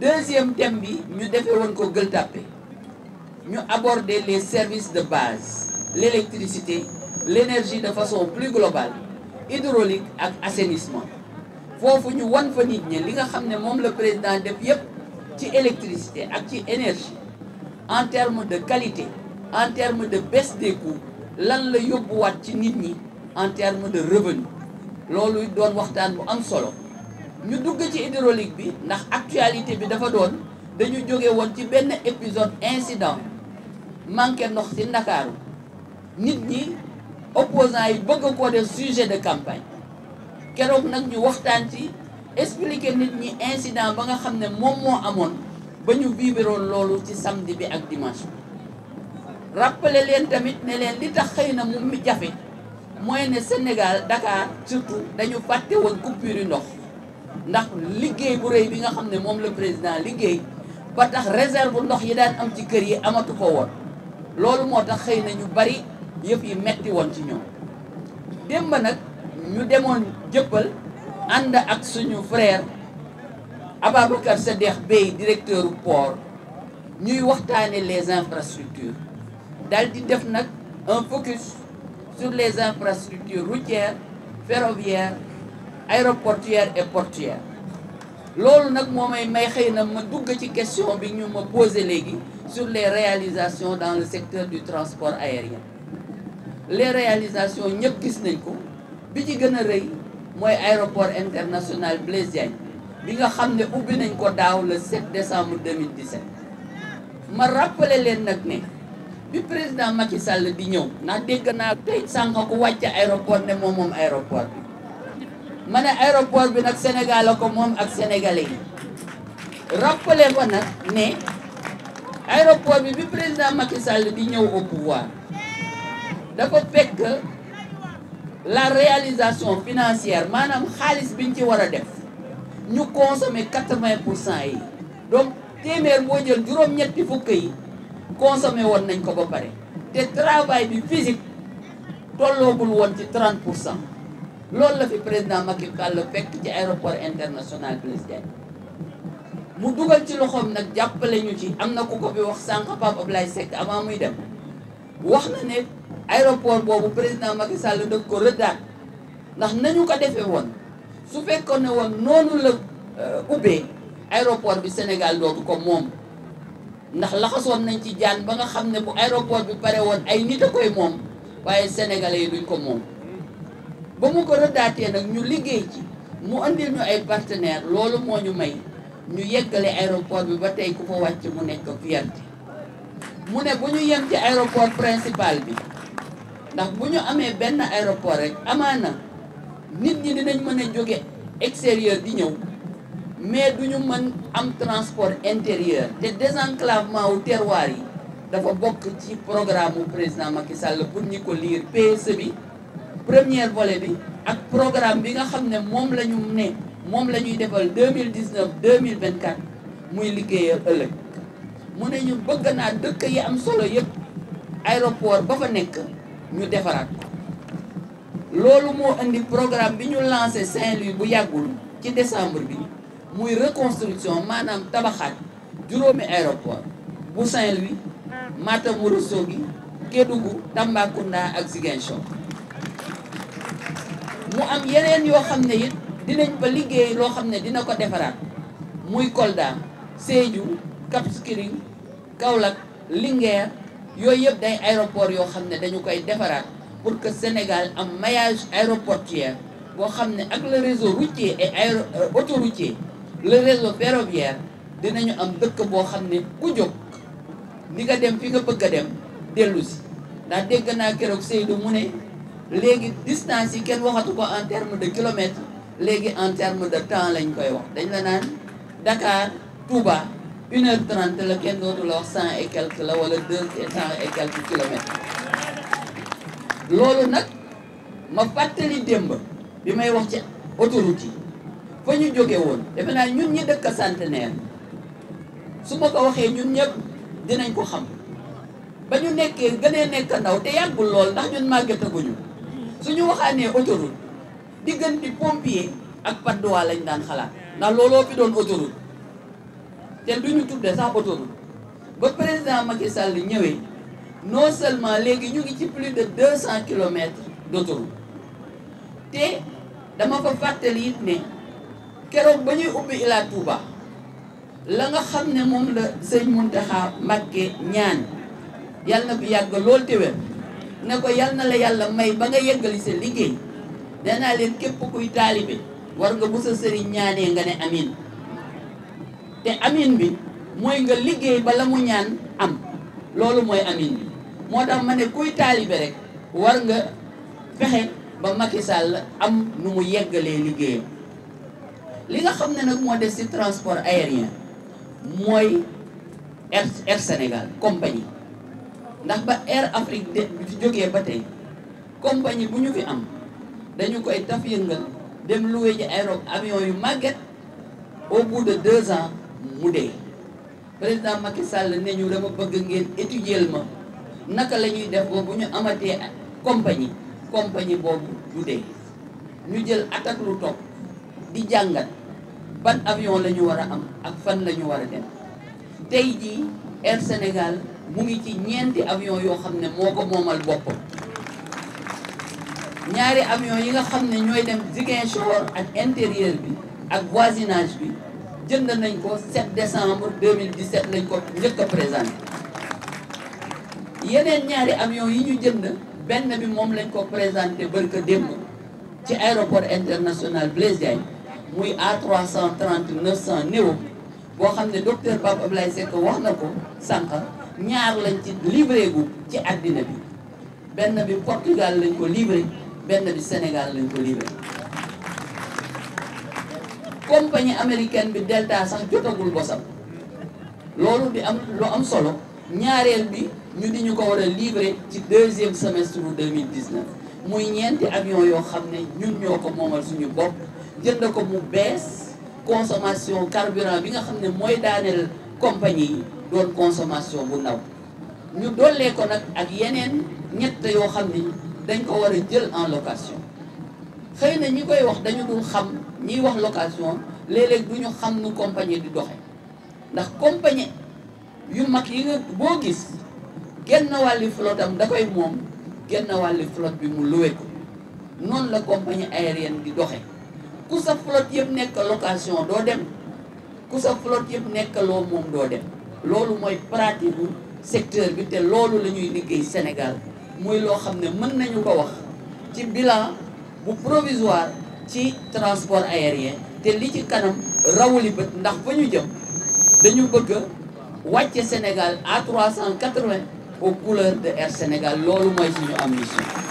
deuxième thème bi ñu defee ko Gueule Tapée ñu aborder les services de base l'électricité l'énergie de façon plus globale hydraulique ak assainissement foofu ñu wan fa nit ñi li nga xam ne moom la président def yépp ci électricité ak ci énergie en termes de qualité en termes de baisse des lan la yóbbuwaat ci nit ñi en termes de revenu loolu doon waxtaan bu am solo ñu dugg ci hydraulique bi ndax actualité bi dafa doon dañu jóge woon ci benn épisode incident manqué ndox ci Ndakaaru nit ñi opposants yi bëgg koo def sujet de campagne keroog nag ñu waxtaan ci expliquer nit ñi incident ba nga xam ne moom moo amoon ba ñu biibiroon loolu ci samedi bi ak dimanche bi rappeler leen tamit ne leen li tax xëy na mu jafe mooy ne Sénégal Dakar surtout dañu fàtte woon coupure yu ndox ndax liggéey bu rëy bi nga xam ne moom la président liggéey ba tax réserve ndox yi daan am ci kër yi amatu ko woon loolu moo tax xëy na ñu bari yëpp yi metti woon ci ñoom démb nag ñu demoon jëppal ànd ak suñu frère Ababacar Sadekh Bey directeur port ñuy waxtaane les infrastructures dal di def nag un focus sur les infrastructures routières ferroviaires aéroportuaire et portuaire loolu nag moo may may xëy na ma dugg ci question bi ñu ma posé léegi sur les réalisations dans le secteur du transport aérien les réalisations ñëpp gis nañ ko bi ci gën a rëy mooy aéroport international Blaise Diagne bi nga xam ne ubbi nañ ko daaw le 7 décembre 2017 ma rappelé leen nag ne bi président Macky Sall di ñëw ndax dégg naa tey sànq ko wàcc aéroport ne moo moom aéroport bi ma ne aéroport bi nag Sénégal ko moom ak sénégalais yi rappelé ko nag ne aéroport bi bi président Macky Sall di ñëw au pouvoir dafa fekk la réalisation financière maanaam xaalis biñ ci war a def ñu consommer quatre-vingt pour cent yi donc téeméer moo jël juróom-ñetti fukk yi consommé woon nañ ko ba pare te travail bi physique tolloogul woon ci trente pour cent loolu la fi président Macky Sall fekk ci aéroport international Blaise mu dugal ci loxoom nag jàppale ñu ci am na ku ko fi wax sànq Pape Ablaye Seck avant muy dem wax na ne aéroport boobu président Macky Sall dëgg ko rëddaat ndax nañu ko defee woon su fekkoon ne woon noonu la euh, ubbee aéroport bi Sénégal dootu ko moom ndax laxasoon nañ ci jaan ba nga xam ne bu aéroport bi pare woon ay nit a koy moom waaye sénégalais yi duñ ko moom ba mu ko rëddaatee nag ñu liggéey ci mu andil ñu ay partenaire loolu moo ñu may ñu yeggale aéroport bi ba tey ku fa wàcc mu nekk fierté mu ne bu ñu yem ci aéroport principal bi ndax bu ñu amee benn aéroport rek amaana nit ñi dinañ mën a jóge extérieur di ñëw mais du ñu mën am transport intérieur te désenclavement wu terroir yi dafa bokk ci programme mu président Macky Sall pour ñi ko liir PSE bi première volet bi ak programme bi nga xam ne moom la ñu ne moom la ñuy defal 2019 2024 muy liggéeyal ëllëg mu ne ñu bëgg naa dëkk yi am solo yëpp aéroport ba fa nekk ñu defaraat ko loolu moo indi programme bi ñu lancé Saint-Louis bu yàggul ci décembre bi muy reconstruction maanaam tabaxaat juróomi aéroport bu Saint-Louis Matam Ourossogui Kédougou Tambacounda ak Ziguinchor mu am yeneen yoo xam ne it dinañ fa liggéey loo xam ne dina ko defaraat muy Kolda Sédhiou Cap Skirring Kaolack Linguère yooyu yëpp day aéroport yoo xam ne dañu koy defaraat pour que Sénégal am maillage aéroportuaire boo xam ne ak le réseau routier et aéro euh, autoroutier le réseau ferroviaire dinañu am dëkk boo xam ne ku jóg di nga dem fi nga bëgg dem dellu si ndax dégg naa keroog Seydou mu ne. léegi distance yi kenn waxatu ko en terme de kilomètre léegi en terme de temps lañ koy wax dañ la naan Dakar Touba une heure trente la kenn dootu la wax cent et quelques la wala deux cent et quelques kilomètres loolu nag ma fàttali démb bi may wax ci autoroute yi fa ñu jóge woon defe naa ñun ñi dëkk centenaire su ma ko waxee ñun ñëpp dinañ ko xam ba ñu nekkee gënee nekk ndaw te yàggul lool ndax ñun ñu su suñu waxaanee autoroute diggante pompier ak Patte d'Oie lañ daan xalaat ndax looloo fi doon autoroute te duñu tudde sax autoroute ba président Macky Sall ñëwee non seulement léegi ñu ngi ci plus de deux cent kilomètres d'autoroute te dama ko fàttali it ne keroog ba ñuy ubbi Ila Touba la nga xam ne moom la sëñ Mountakha Mbacké ñaan yàlla na bi yàgg lool te wér ne ko yal na la yàlla may ba nga yëggali sa liggéey nee naa leen képp kuy taalibe war nga bu sa sëriñ ñaanee nga ne amin te amin bi mooy nga liggéey ba la mu ñaan am loolu mooy amin bi moo tax ma ne kuy taalibe rek war nga fexe ba Macky Sall am nu mu yeggalee liggéeyam li nga xam ne nag moo des ci transport aérien mooy Air Sénégal compagnie ndax ba Air Afrique de di ba tey compagnie bu ñu fi am dañu koy taf yëngal dem loué ji aéro avion yu màgget au bout de deux ans mu dee président Macky Sall ne ñu dama bëgg ngeen étudier ma naka la ñuy def ba bu ñu amatee compagnie compagnie boobu du dee ñu jël attaque lu topp di jàngat ban avion la ñu war a am ak fan la ñu war a dem tey jii Air Sénégal. mu ngi ci ñeenti avion yoo xam ne moo ko moomal boppam ñaari avion yi nga xam ne ñooy dem Ziguinchor ak intérieur bi ak voisinage bi jënd nañ ko 7 décembre 2017 lañ ko njëkk a présenté yeneen ñaari avion yi ñu jënd benn bi moom lañ ko présenté barka démb ci aéroport international Blaise Diagne muy A330 900 néo boo xam ne docteur Pape Ablaye Seck wax na ko sànq ñaar lañ ci livré gu ci àddina bi benn bi Portugal lañ ko livré benn bi Sénégal lañ ko livré compagnie américaine bi Delta sax jotagul bosam loolu di am lu am solo ñaareel bi ñu di ñu ko war a livré ci deuxième semestre bu 2019 muy ñeenti avion yoo xam ne ñun ñoo ko moomal suñu bopp jënd ko mu bees consommation carburant bi nga xam ne mooy daaneel compagnie yi doon consommation bu ndaw ñu dollee ko nag ak yeneen ñett yoo xam ni dañ ko war a jël en location xëy na ñi koy wax dañu dul xam ñiy wax location léeg-léeg du ñu xam nu compagnie di doxe ndax compagnie yu mag yi nga boo gis genn wàlli flotte da koy moom genn wàlli flotte bi mu luwe ko noonu la compagnie aérienne di doxe ku sa flotte yëpp nekk location doo dem ku sa flotte yëpp nekkaloo moom doo dem loolu mooy pratique bu secteur bi te loolu la ñuy liggéey Sénégal muy loo xam ne mën nañu ko wax ci bilan bu provisoire ci transport aérien te li ci kanam rawuli bët ndax fa ñu jëm dañu bëgg a wàcce Sénégal à 380 aux couleurs de Air Sénégal loolu mooy suñu ambition